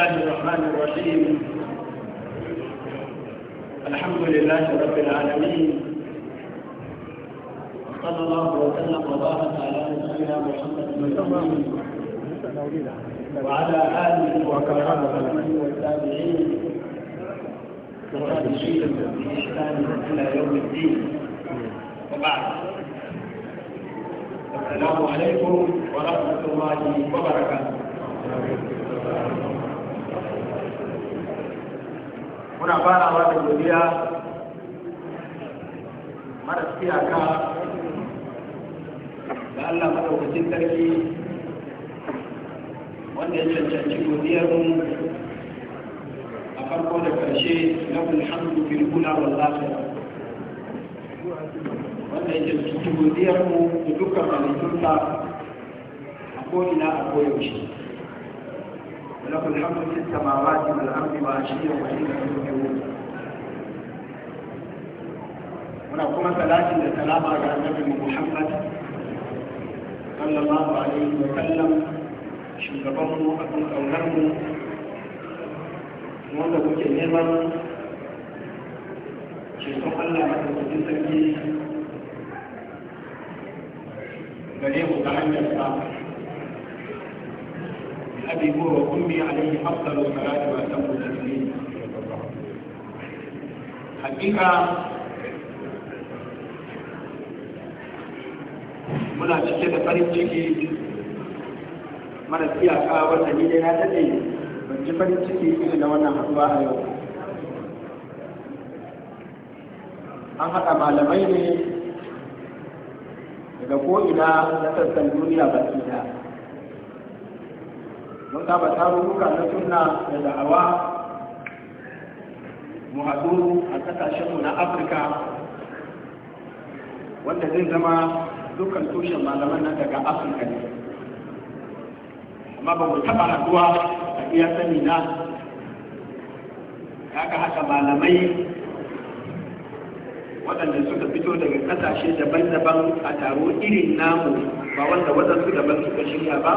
الله الرحمن الرحيم الحمد لله رب العالمين صلى الله وسلم وبارك على نبينا محمد وعلى اله وكرامته والتابعين والتابعين باحسان الى يوم الدين وبعد السلام عليكم ورحمه الله وبركاته muna farawa da godiya mara iyaka da Allah madaukakin sarki wanda ya cancanci godiyarmu a farko da ƙarshe na hamdu fil ula wal akhirah wanda ya cancanci godiyarmu da dukkan halittunsa a ko'ina a koyaushe له الحمد في السماوات والارض وعشيا وحين تظهرون ونقوم ثلاث وسلام على النبي محمد صلى الله عليه وسلم شغبهم وقتل اولهم wanda kuke neman ceto Allah na ɗauki sarki gare mu ta أبي هو وأمي عليه أفضل الصلاة وأتم التسليم حقيقة muna cike da farin ciki mara iyaka wata ni dai na daɗe ban ji farin ciki ne na wannan haɗuwa a yau an haɗa malamai ne daga ko'ina na sassan duniya baki ɗaya ba ta tarurruka na sunna da da'awa mu haɗu a ƙasashenmu na afirka wanda zai zama dukkan tushen malaman nan daga afirka ne amma ba mu taɓa haɗuwa a iya sani na kaga haka malamai waɗanda suka fito daga ƙasashe daban-daban a taro irin namu ba wanda waɗansu daban suka shirya ba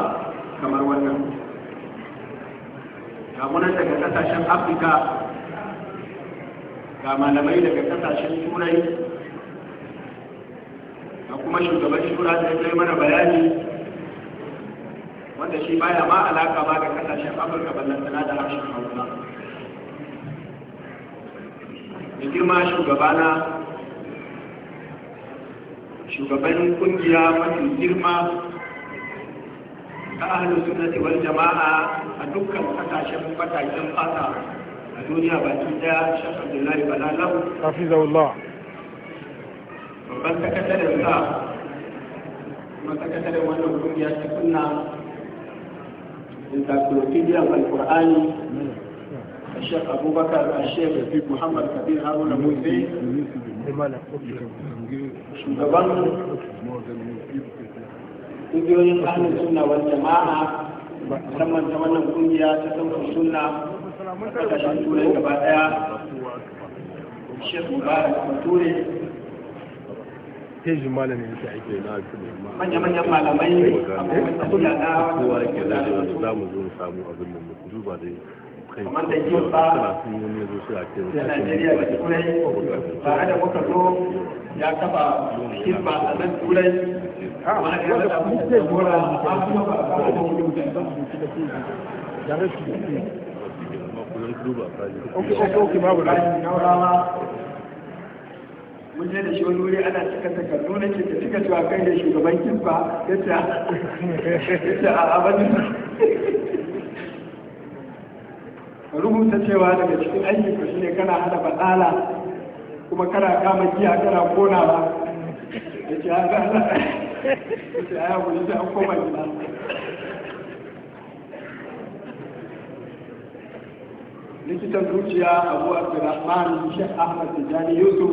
kamar wannan Kamunan daga kasashen afirka ga malamai daga kasashen turai da kuma shugaban shura da ya mana bayani wanda shi baya ma alaka ba ga kasashen afirka ballantana da harshen hausa da girma shugabana shugaban kungiya mafi girma ta ahalin sunnati wal jama'a a dukkan kasashen kasashen fata a duniya baki daya shek abdullahi balalau hafizahullah babban sakataren sa kuma sakataren wannan kungiya ta sunna encyclopedia al-qur'ani الشيخ أبو بكر الشيخ رفيق محمد كبير هارون الموسي شغبان ƙungiyoyin ahlus sunna wal jama'a musamman ta wannan ƙungiya ta sauƙin sunna ƙasashen turai gaba ɗaya shekhu ba bature kejin malamin yake ake na kuma manya-manyan malamai a kuma na kowa da za mu zo abin da mu duba da da ba da najeriya da turai da zo ya a nan turai mun je da shi wani wuri ana cika takardu na ce ta cika cewa kai da shugaban kimfa ya ce a abin rubuta cewa daga cikin ayyuka shi ne kana hada batsala kuma kana kama giya kana kona ba ya ce haka likitan zuciya abu abdurrahman shi ahmad tijani yusuf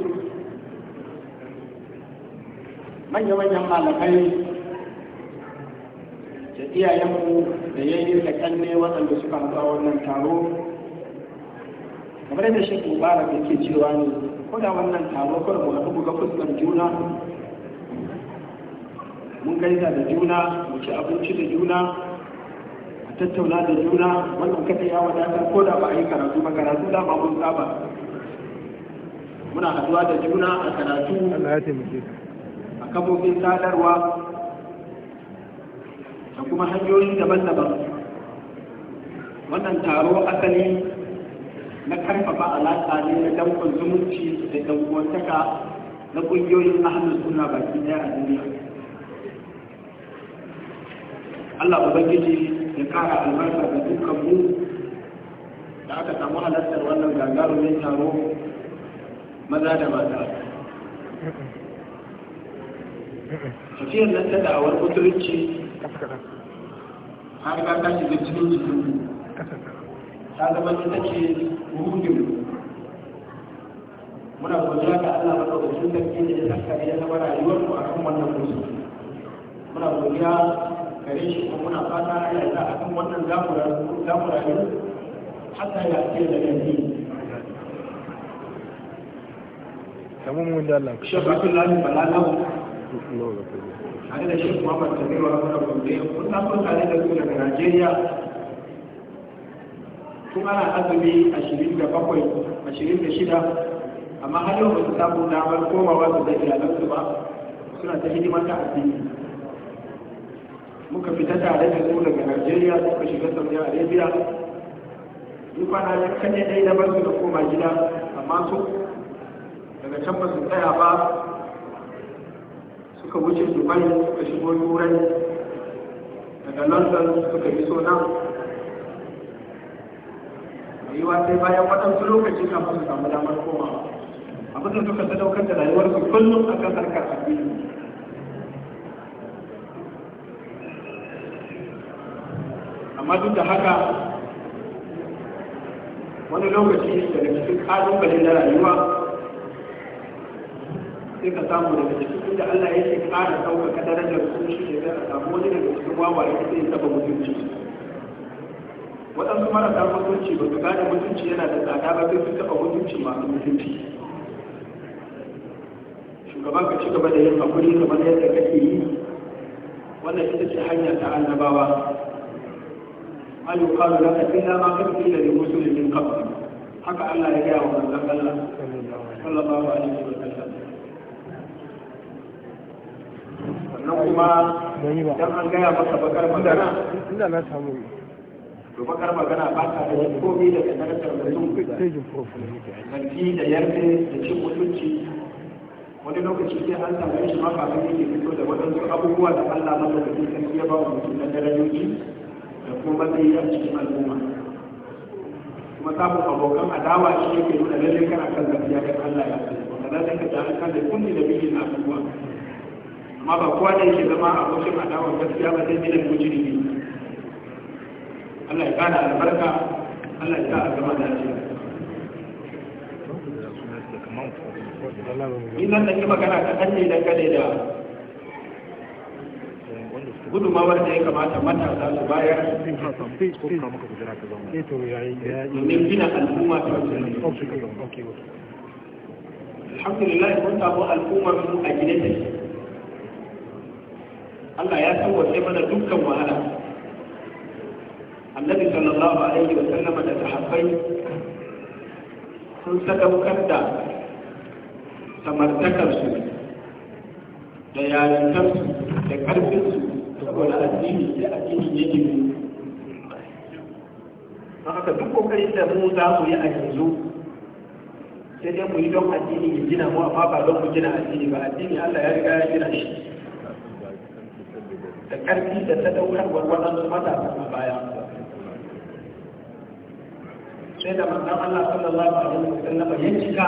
manya-manyan malamai da iyayenmu da ya yi da kanne waɗanda suka haɗa wannan taro kamar yadda shi da ke cewa ne ko da wannan taro kar mu haɗu ga fuskar juna mun gaisa da juna mu ci abinci da juna a tattauna da juna wannan kada ya wadata ko da ba a yi karatu ba karatu da ba mun saba muna haduwa da juna a karatu a kafofin sadarwa da kuma hanyoyi daban-daban wannan taro asali na karfafa alaƙa ne na dan zumunci da danguwantaka na ƙungiyoyin ahalin suna baki ɗaya a duniya Allah ubangiji ya kara albarka da dukkan mu da aka samu halartar wannan gagarumin taro maza da mata tafiyar nan ta da'awar musulunci har ka tashi shiga cikin jikin ta zama ta ce muhimmin muna godiya ga Allah ba da sun da ke da ya saka ya zama rayuwar mu akan wannan musu muna godiya gare shi kuma muna fata Allah ya sa akan wannan zamura zamura ne hatta ya ce da yanzu kamar mun da Allah shi ba kun lafi da shi kuma kun kun na kun tare da su daga Najeriya tun ana azumi 27 26 amma har yau ba su samu damar komawa su da iyalansu ba suna ta hidimar ta addini muka fita tare da su daga Najeriya muka shiga Saudi Arabia duk kwana ya kanye dai na basu da koma gida amma su daga can ba su tsaya ba suka wuce Dubai suka shigo Turai daga London suka so nan wa sai bayan waɗansu lokaci kafin su samu damar komawa abin da suka sadaukar da rayuwarsu kullum a akan harkar addini amma duk da haka wani lokaci daga cikin balin na rayuwa sai ka samu daga cikin da Allah yake ƙara ɗaukaka darajar su shi ne zai a samu wani daga cikin wawaye ta sai taɓa mutunci waɗansu marasa mutunci ba su gane mutunci yana da tsada ba sai su taɓa mutunci masu mutunci shugaban ka ci gaba da yin hakuri kamar yadda kake yi wannan ita ce hanya ta annabawa ma yuqalu ta illa ma qad qila da rusulin min kafa haka Allah ya gaya wa manzon Allah sallallahu alaihi wa sallam sannan kuma dan an gaya masa bakar magana inda na samu to bakar magana ba ta da wani komai daga darajar mutum zargi da yarda da cin mutunci wani lokaci sai an samu shi ma kafin yake fito da wadansu abubuwa da Allah madaukakin sarki ya ba wa mutum na darajoji da kuma matsayi a cikin al'umma kuma samun abokan adawa shi yake nuna lallai kana kan gaskiya kan Allah ya sani kan da da amma ba kowa da yake zama abokin adawa gaskiya ba sai bilan mujrimi Allah ya gane albarka Allah ya sa a zama lafiya da ke dangane da gudunmawar da ya kamata matasa su bayar domin gina al'umma ta wajen alhamdulillah mun samu al'ummar mu a gidan da Allah ya san wace mana dukkan wahala annabi sallallahu alaihi wa sallam da sahabbai sun sadaukar da samartakarsu da yarintarsu da karfinsu saboda addini da addini yake mu haka duk kokarin da mu za mu yi a yanzu sai dai mu yi don addini ya gina mu amma ba don mu gina addini ba addini Allah ya riga ya gina shi da karfi da ta ɗaukarwar waɗansu matasa a baya sai da manzan Allah sallallahu alaihi wa sallam ya cika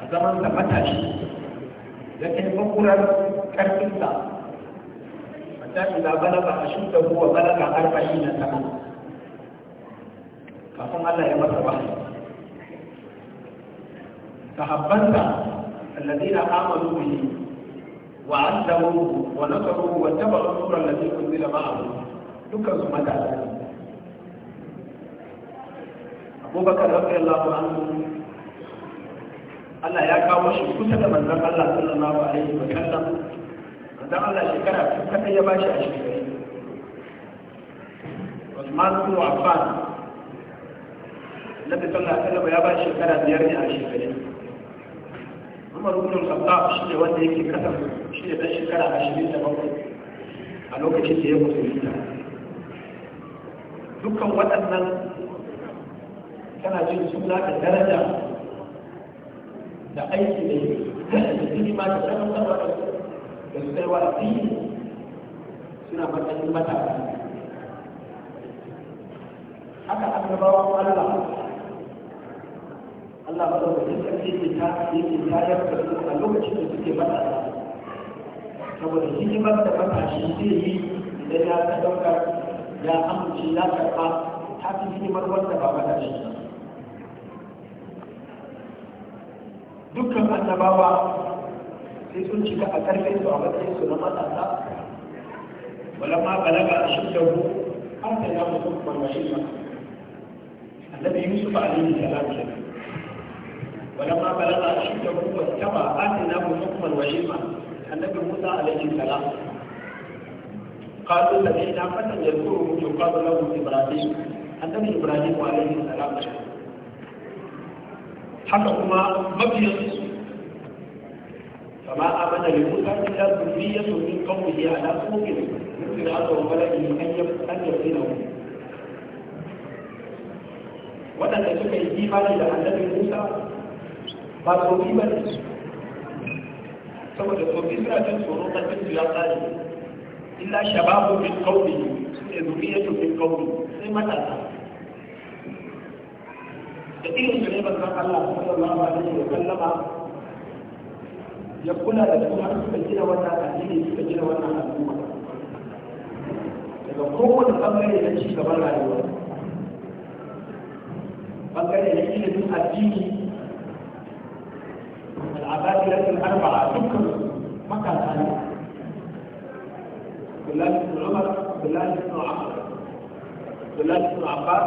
a zaman da matashi da taimakon ƙarfinsa حتى إذا بلغ أشده وبلغ أربعين سنة kafin Allah ya masa wahayi sahabbansa alladheena amanu bihi wa 'azzamuhu wa nasaruhu wa tabi'u nura alladhi unzila ma'ahu dukkan su matasa ne Abubakar radiyallahu anhu Allah ya kawo shi kusa da manzon Allah sallallahu alaihi wa sallam da Allah shekara tun kada ya bashi a shekara Usman bin Affan Nabi sallallahu alaihi wasallam ya bashi shekara biyar ne a shekara Umar ibn Khattab shi ne wanda yake kasar shi ne dan shekara 27 a lokacin da ya musulunta dukkan waɗannan tana jin suna da daraja da aiki da yi da hikima da sanar da da su kai wa addini suna matsayin matasa haka annabawan Allah Allah ba da wajen sarki ta yake tayar da su a lokacin da suke matasa saboda hidimar da matashi zai yi idan ya ta ɗauka ya amince ya karɓa ta fi hidimar wanda ba matashi ba dukkan annabawa يكون sun cika في karfin su a matsayin su na matasa ولما بلغ أشده أتى يوسف والوحيمة الذي يوسف عليه السلام كان ولما بلغ أشده واتبع آتيناه حكما وعلما النبي موسى عليه السلام قالوا الذين فتى يذكره يقال له إبراهيم النبي إبراهيم عليه السلام حتى كما مبين فما آمن لموسى إلا ذرية من قومه على خوف مثل هذا وملئه أن يفتنه وأن تسوك الإيمان إلى أن نبي موسى مظلوما ثم تقول إسراء تنصروا قد تنسوا يا صالح إلا شباب من قومه ذرية من قومه ثم إيه تسوك الإيمان إلى أن نبي موسى مظلوما صلى الله عليه وسلم ya kula da su har suka gina wannan addini suka gina wannan al'umma daga kowane bangare na ci gaban rayuwa bangare na ilimin addini al'abadiyatul arba'a dukkan matasa ne Abdullahi bin Umar, Abdullahi bin Umar, Abdullahi bin Abbas,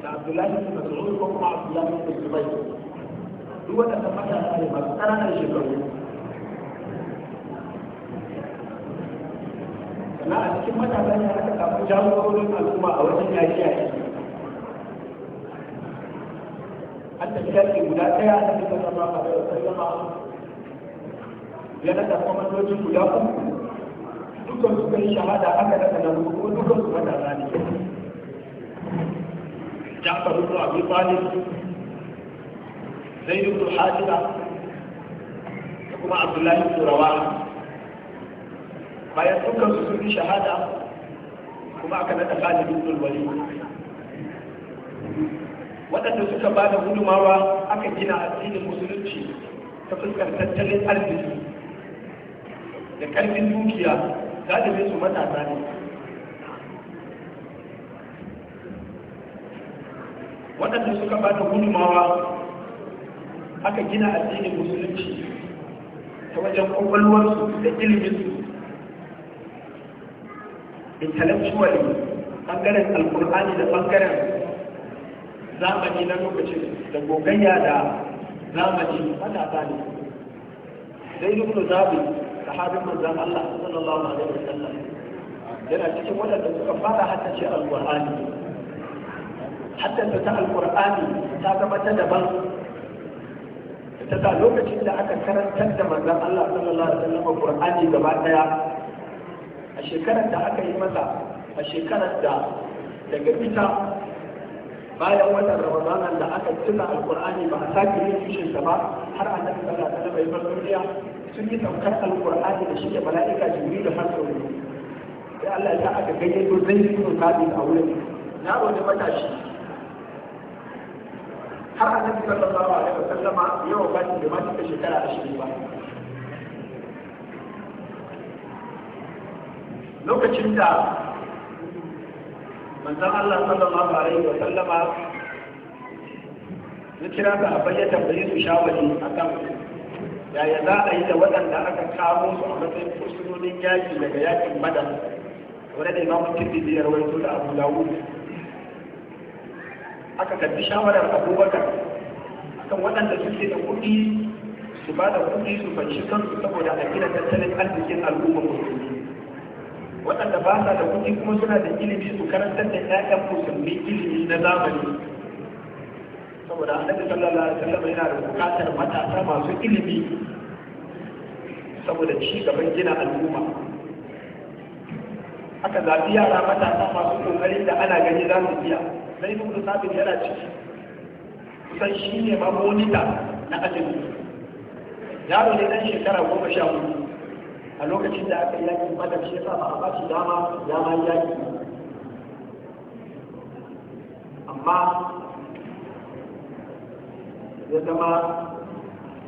da Abdullahi bin Mas'ud ko kuma Abdullahi bin Zubair. Duk wanda ta fata ne masu ƙananan shekaru na a cikin matasa ne aka samu jagororin al'umma a wajen yayi yayi an da shafi guda ɗaya a cikin sama a da sallama ya nada kwamandojin guda uku dukkan su kai shahada aka nada na ko dukkan su matasa ne Ja'far ibn Abi Talib Zaid ibn Hadida kuma Abdullahi ibn Rawaha bayan dukkan su sun shahada kuma aka nada duk ibn wani waɗanda suka ba da gudumawa aka gina addinin musulunci ta fuskar tattalin arziki da ƙarfin dukiya da su matasa ne waɗanda suka ba da gudumawa aka gina addinin musulunci ta wajen ƙwaƙwalwarsu da su. intellectually bangaren alkur'ani da bangaren zamani na lokacin da gogayya da zamani matasa ne sai zaɓi da sahabin manzon Allah sallallahu alaihi wasallam yana cikin wadanda suka fara haddace alkur'ani haddace ta alkur'ani ta zama ta daban ta lokacin da aka karantar da manzon Allah sallallahu alaihi wasallam alkur'ani gaba daya a shekarar da aka yi masa a shekarar da daga fita bayan watan ramadana da aka tuna alkur'ani ba a sake yin tushen sa ba har a nan sallah ta da bai duniya sun yi saukar alkur'ani da shi da mala'ika jibri da har sau sai Allah ya aka gayyato zai yi sun sabi a wurin Na da matashi har a nan sallallahu alaihi wasallama yau ba shi da ma shekara ashirin ba lokacin da manzan Allah sallallahu alaihi wa sallama ya kira ta a bayyana tambaye su shawari a kan yaya za a yi da waɗanda aka kamo su a matsayin fursunonin yaƙi daga yaƙin madam wani da imamun tirmidhi ya rawaito da abu dawud aka karbi shawarar abubakar akan waɗanda suke da kuɗi su ba da kuɗi su fanci kansu saboda a gina tattalin arzikin al'ummar musulmi waɗanda ba sa da kuɗi kuma suna da ilimi su karantar da ƴaƴan musulmi ilimi na zamani saboda annabi sallallahu alaihi wasallam yana da buƙatar matasa masu ilimi saboda ci gaban gina al'umma aka zaɓi yara matasa masu kokari da ana gani za su biya, zai duk sabin yana ciki kusan shi ne ma monita na ajin yaro ne ɗan shekara goma sha hudu a lokacin da aka yakin badar shi yasa ba a bashi dama ya ma yaki amma ya zama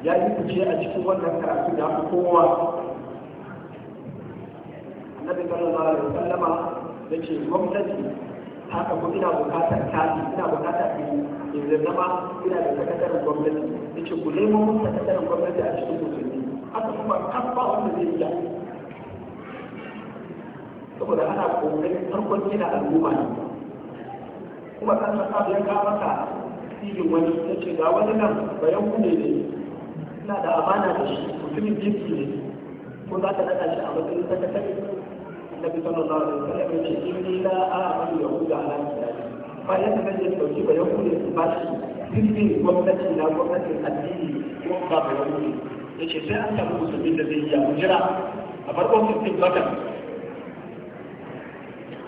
ya yi fice a cikin wannan karatu da aka kowa annabi sallallahu alaihi wasallama yace gwamnati ta kafa ina bukatar kati ina bukatar in zama ina da sakataren gwamnati yace ku nemo mun sakataren gwamnati a cikin musulmi haka kuma kafa wanda zai iya saboda ana kokarin farkon gina al'umma ne kuma kan sa ya ka maka cikin wani ya ce ga wani nan bayan ku ne ne ina da amana da shi mutumin jinsi ne ko za ka naɗa shi a matsayin sakatare na fi sanar da wani sanar da ce in ni na a amanu ya ku da ala bayan da zai dauki bayan ku ne su ba shi jirgin gwamnati na gwamnatin addini ko ba bayan ku ne ya ce sai an samu musulmi da zai iya jira a farkon 15 watan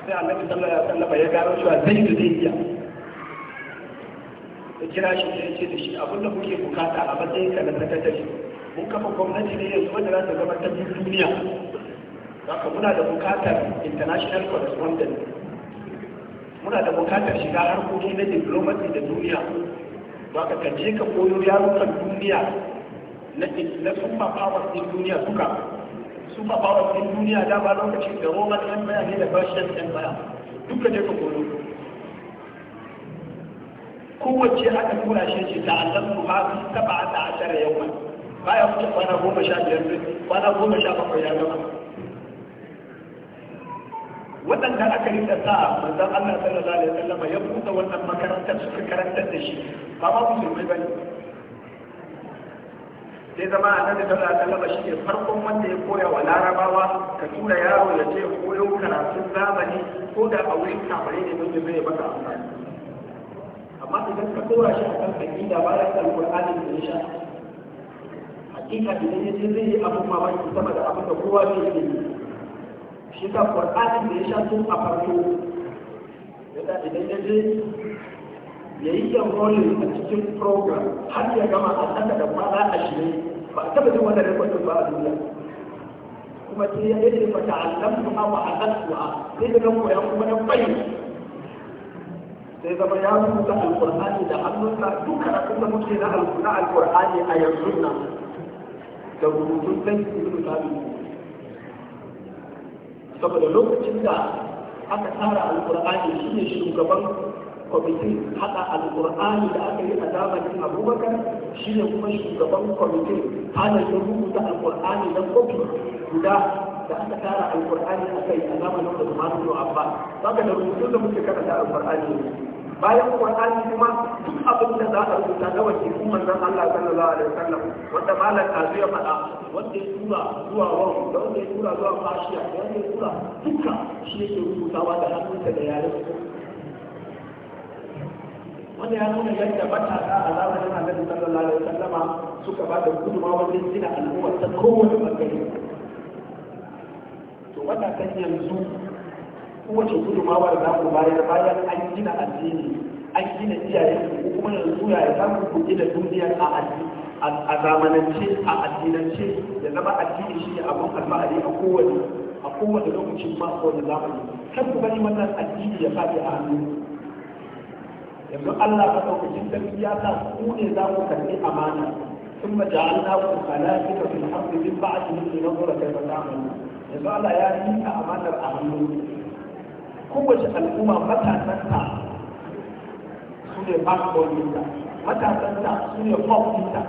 sai an sallallahu alaihi sallaba ya gano cewa zai da zai iya ya kira shi ya ce da shi abinda kuke bukata a matsayin ka na sakatare mun kafa gwamnati ne yanzu wanda za ta zama ta duniya haka muna da bukatar international correspondent muna da bukatar shiga harkoki na diplomacy da duniya ba ka kaje ka koyo yarukan duniya na super powers din duniya suka super powers din duniya da ba lokacin da roman empire ne da persian empire duka ne ka koyo kowace aka tura shi ce ta allan su ma su taba ta ashara yawan baya wuce kwana goma sha biyar kwana goma sha bakwai ya gama waɗanda aka yi da sa manzon Allah sallallahu alaihi wasallam ya buɗe wannan makarantar suka karantar da shi ba ma musulmai bane sai zama a nan da sallah laba shi ne farkon wanda ya koya wa larabawa ka tura yaro ya ce koyo karatun zamani ko da a wurin kamare ne don zai maka amfani amma idan ka kora shi a kan aƙida bayan alƙur'ani da ya sha hakika idan ya ce zai yi abin mamaki sama da abin da kowa zai yi shi ka ƙur'ani da ya sha tun a farko yadda idan ya je ya yi enrolling a cikin program har ya gama a ɗanda da kwana ashirin ba a taɓa jin wannan rikodin ba a duniya kuma sai ya yi a allan kuma wa a kuma sai da nan koyan kuma na bayin sai zama ya rubuta alƙur'ani da hannunsa duka a da muke na alƙur'ani a yanzu nan da rubutun sai su yi saboda lokacin da aka tsara alkur'ani shi ne shugaban kwamitin haɗa alkur'ani da aka yi a zamanin abubakar shi ne kuma shugaban kwamitin hana shi rubuta alƙur'ani na kofi guda da aka tara alƙur'ani a kai a zamanin da zuma su abba ka da rubutun da muke karanta alƙur'ani bayan ƙur'ani kuma duk abin da za a rubuta na wace kuma zan Allah sallallahu alaihi wasallam wanda malam kazu ya faɗa wanda ya tura zuwa wa da wanda ya tura zuwa fashiya da wanda ya tura duka shi yake rubutawa da hannunsa da yaren wanda ya nuna yadda matasa a zamanin annabi sallallahu alaihi wasallama suka ba da gudunma wajen gina al'umma ta kowace bangare to matasan yanzu kowace gudunmawa da za ku bayar bayan an gina addini an gina iyayen ko kuma yanzu yaya za mu ku gina duniyar a addini a zamanance a addinance da zama addini shi ne abin alfahari a kowane a kowane lokacin ma kowane zamani kan ku bari wannan addini ya fadi a hannu yanzu Allah ka ɗaukacin sarki ya sa ku ne za ku karɓi amana ba a خلائف في na من kai ba كيف تعملون yanzu Allah ya yi a amanar a hannu kowace al'umma matasanta su ne basketball ta, matasanta su ne pop ta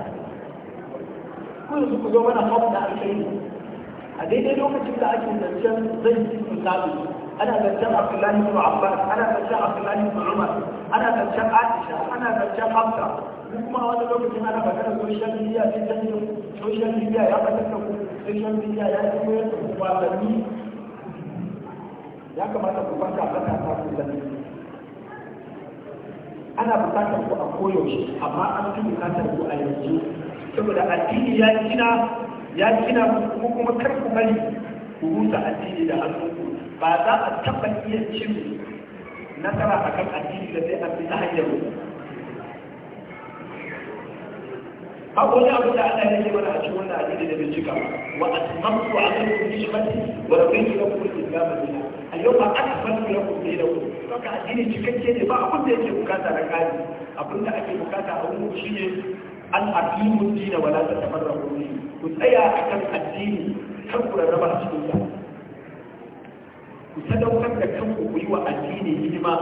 ku yanzu ku zo mana pop da alkhairi a daidai lokacin da ake zancen zai yi misali ana zancen Abdullahi ibn Abbas ana zancen Abdullahi ibn Umar ana zancen aisha ana zancen hamsa mu kuma wani lokacin ana magana social media sai canjin social media ya fatar da ku social media ya yi koyar da ku wasanni ya kamata ku fanka fanta ta ku sani ana bukatar ku a koyaushe amma an fi bukatar ku a yanzu saboda addini ya kina ya kina kuma kuma kar ku bari ku rusa addini da hannu ba za a taɓa iya cin nasara a kan addini da sai an bi ta hanyar Akwai wani abu da Allah ya yi mana a cikin wannan addini da bincika wa atmamtu alaykum ni'mati wa raditu lakum al-islam dinan al-yawma akmaltu lakum dinakum saka addini cikakke ne ba abin da yake bukata da kari abin da ake bukata a wurin shine an da dina wa la tatafarraqu ku tsaya a kan addini kan ku rarraba cikin sa ku sadaukar da kanku ku yi wa addini hidima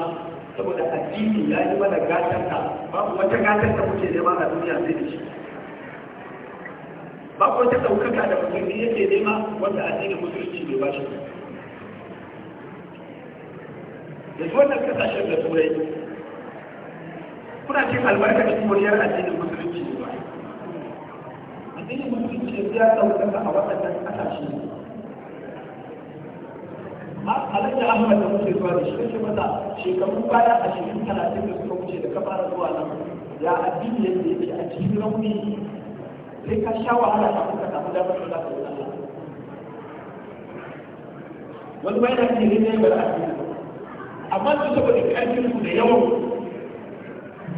saboda addini ya yi mana gatarta babu wata gatarta kuke nema a duniya zai da shi babu wata ɗaukaka da musulmi yake nema wanda addinin musulunci bai ba shi yanzu wannan kasashen da turai kuna cin albarka cikin muryar addinin musulunci ne ba addinin musulunci ya ɗaukaka a waɗannan kasashe da ahmad da muke zuwa da shi kace masa shekaru baya a shekaru talatin da suka wuce da ka fara zuwa nan ya addini yadda yake a cikin rauni sai ka sha wahala ka kuka samu damar da za ka wuce wani bayan da ke ne bar addini amma su saboda karfin su da yawan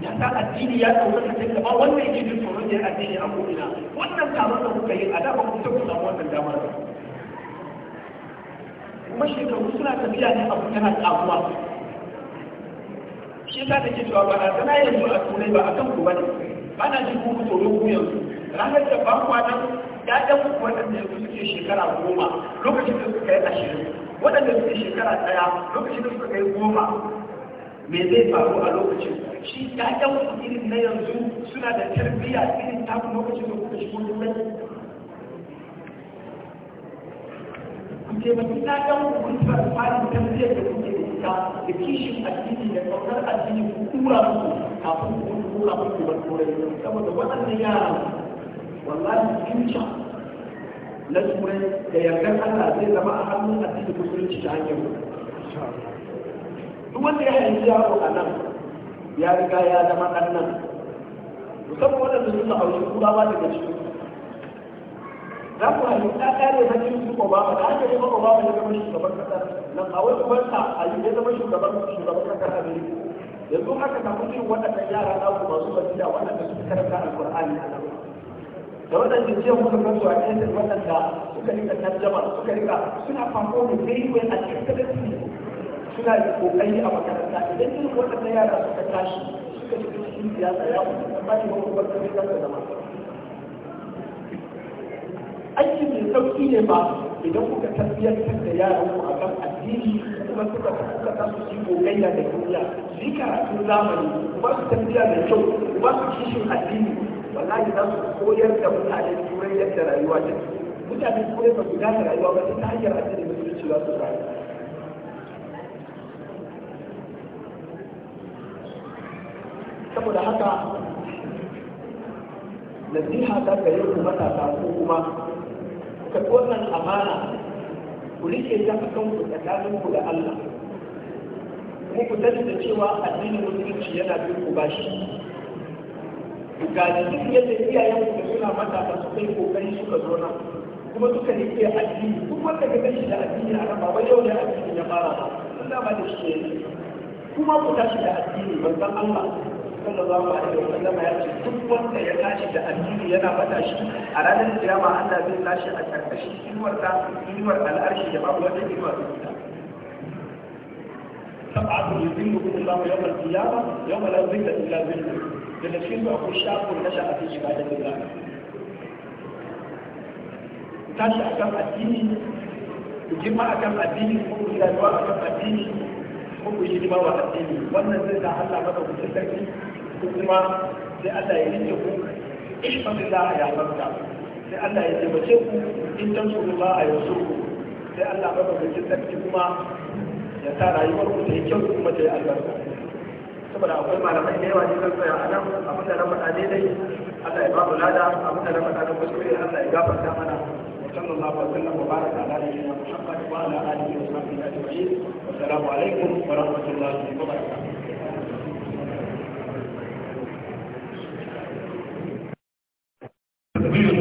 ya sa addini ya tsawon da sai gaba wannan yake jin tsoron da ya addini a ko'ina wannan taron da kuka yi a da ba ku ta samu wannan damar ba kuma shekaru suna tafiya ne abu yana ƙaruwa shi ta take cewa ba na zana yanzu a turai ba a kan ku bane ba na jin kuma tsoron ku yanzu ranar da ba kuwa nan ya'yan ku waɗanda yanzu suke shekara goma lokacin da suka yi ashirin waɗanda suke shekara ɗaya lokacin da suka yi goma me zai faru a lokacin shi ya'yan ku irin na yanzu suna da tarbiyya irin taku lokacin da kuka shigo duniya ku taimaki ɗayan ku kun fara fara tarbiyyar da kuke da ita da kishin addini da ƙaunar addini ku tura musu kafin ku tura musu wani turai saboda waɗannan yaran wallahi future na turai da yardar Allah zai zama a hannun addini musulunci ta hanyar mu. Duk wanda ya haifi yaro a nan ya riga ya zama ɗan nan. Musamman waɗanda suka haushi turawa daga cikin za ku rayu ta kare ta cikin su Obama da aka yi Obama ya zama shugaban kasa nan a wani kwanta a yi ya zama shugaban shugaban kasa da yake yanzu haka ta kuma yin waɗannan yara na ku masu wannan da suka karanta alƙur'ani a nan da waɗanda jiya muka kan su a cikin ɗaya waɗanda suka rika tarjama suka rika suna fako da very well a cikin suna da kokari a makaranta idan irin waɗannan yara suka tashi suka shiga cikin siyasa ya mutu ba ne mafi wata da zama aiki mai sauki ne ba idan kuka tarbiyyantar da yaran ku akan addini kuma suka kuka ta su yi gogayya da duniya su yi karatun zamani kuma su tafiya da kyau kuma su kishin addini wallahi za su koyar da mutane turai yadda rayuwa ta mutane koyar da su da rayuwa ba ta hanyar addini musulunci za su rayu saboda haka nasiha ta gare ku matasa ko kuma ka tonan amana ku rike ta a kanku ku da Allah ku ku sani da cewa addinin musulunci yana bin ku bashi ga duk yadda iyayen ku suna matasa su kai kokari suka zo nan kuma suka rike addini duk wanda ka shi da addini a nan ba yau ne addini ya fara ba sun dama da shi kuma ku tashi da addini ban san Allah sallallahu alaihi wa sallam ya ce duk wanda ya tashi da addini yana fada shi a ranar kiyama Allah zai tashi a karkashin inuwar ta inuwar al'arshi da babu wata inuwa da ita sab'atu yuzillukum Allah yawm al-qiyamah yawm la zilla illa zilluh da cikin su akwai shafin na sha'atin ibadatillah tashi akan addini hikima akan addini ko kula da akan addini ko ku yi hidima wa addini wannan zai sa Allah maka kusa sarki kuma sai Allah ya rike ku ishfaqi za a ya farka sai Allah ya taimake ku in su ba a yusu sai Allah ba ba ji tsarki kuma ya sa rayuwar ku ta yi kyau kuma ta yi albarka saboda akwai malamai da yawa ne kan tsaya a nan abin da na faɗa daidai Allah ya ba mu lada abin da na faɗa na kuskure Allah ya gafarta mana وصلى الله وسلم وبارك على نبينا محمد وعلى اله وصحبه اجمعين والسلام عليكم ورحمه الله وبركاته